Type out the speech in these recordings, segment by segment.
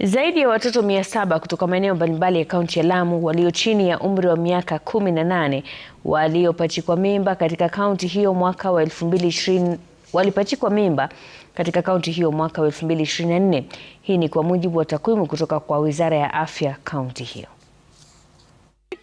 Zaidi ya watoto mia saba kutoka maeneo mbalimbali ya kaunti ya Lamu walio chini ya umri wa miaka kumi na nane waliopachikwa mimba katika kaunti hiyo mwaka wa 2020 walipachikwa mimba katika kaunti hiyo mwaka wa 2024. Hii ni kwa mujibu wa takwimu kutoka kwa Wizara ya Afya kaunti hiyo.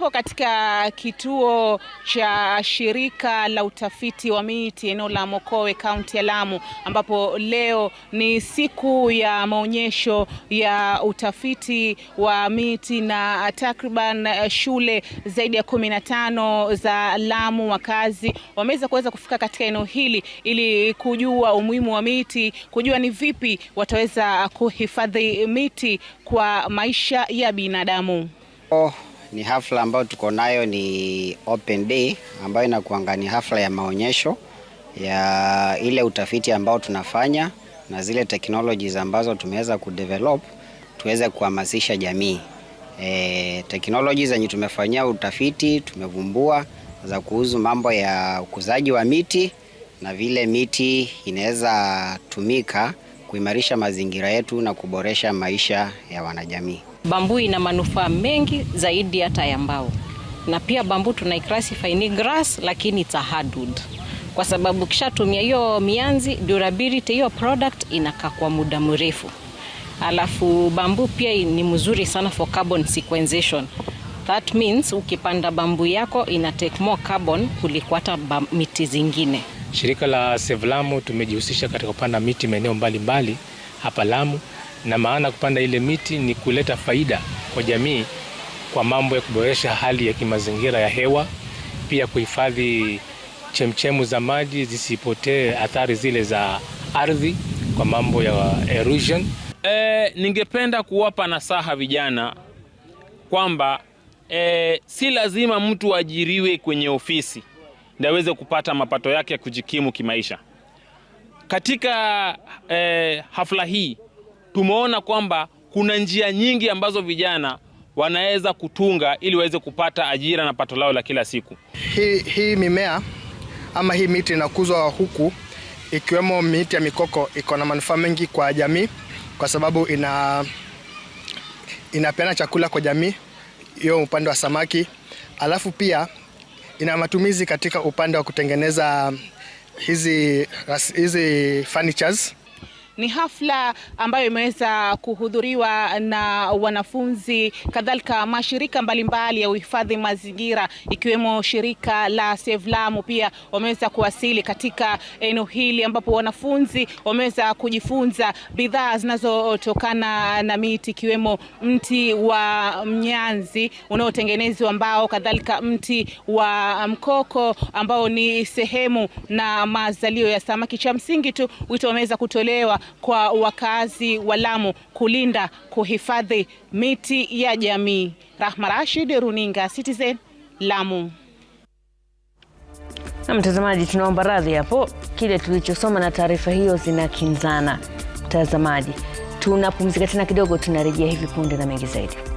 Nipo katika kituo cha shirika la utafiti wa miti eneo la Mokowe kaunti ya Lamu, ambapo leo ni siku ya maonyesho ya utafiti wa miti na takriban shule zaidi ya kumi na tano za Lamu wakazi wameweza kuweza kufika katika eneo hili ili kujua umuhimu wa miti, kujua ni vipi wataweza kuhifadhi miti kwa maisha ya binadamu. Oh ni hafla ambayo tuko nayo, ni open day ambayo inakuanga ni hafla ya maonyesho ya ile utafiti ambao tunafanya na zile technologies ambazo tumeweza kudevelop tuweze kuhamasisha jamii. E, technologies zenye tumefanyia utafiti tumevumbua za kuhusu mambo ya ukuzaji wa miti na vile miti inaweza tumika kuimarisha mazingira yetu na kuboresha maisha ya wanajamii. Bambu ina manufaa mengi zaidi hata ya mbao, na pia bambu tunaiclassify ni grass, lakini it's a hardwood kwa sababu kishatumia hiyo mianzi, durability hiyo product inakaa kwa muda mrefu. Alafu bambu pia ni mzuri sana for carbon sequestration. That means ukipanda bambu yako ina take more carbon kuliko hata miti zingine. Shirika la Save Lamu tumejihusisha katika kupanda miti maeneo mbalimbali hapa Lamu, na maana kupanda ile miti ni kuleta faida kwa jamii kwa mambo ya kuboresha hali ya kimazingira ya hewa, pia kuhifadhi chemchemu za maji zisipotee athari zile za ardhi kwa mambo ya erosion. E, ningependa kuwapa nasaha vijana kwamba e, si lazima mtu ajiriwe kwenye ofisi ndio aweze kupata mapato yake ya kujikimu kimaisha. Katika eh, hafla hii tumeona kwamba kuna njia nyingi ambazo vijana wanaweza kutunga ili waweze kupata ajira na pato lao la kila siku. Hii, hii mimea ama hii miti inakuzwa huku ikiwemo miti ya mikoko iko na manufaa mengi kwa jamii kwa sababu ina inapeana chakula kwa jamii hiyo upande wa samaki, alafu pia ina matumizi katika upande wa kutengeneza hizi, hizi furnitures ni hafla ambayo imeweza kuhudhuriwa na wanafunzi, kadhalika mashirika mbalimbali ya uhifadhi mazingira ikiwemo shirika la Save Lamu, pia wameweza kuwasili katika eneo hili ambapo wanafunzi wameweza kujifunza bidhaa zinazotokana na miti ikiwemo mti wa mnyanzi unaotengenezwa mbao, kadhalika mti wa mkoko ambao ni sehemu na mazalio ya samaki. Cha msingi tu wito wameweza kutolewa kwa wakazi wa Lamu kulinda, kuhifadhi miti ya jamii. Rahma Rashid, Runinga Citizen, Lamu. Na mtazamaji, tunaomba radhi hapo, kile tulichosoma na taarifa hiyo zinakinzana. Mtazamaji, tunapumzika tena kidogo, tunarejea hivi punde na mengi zaidi.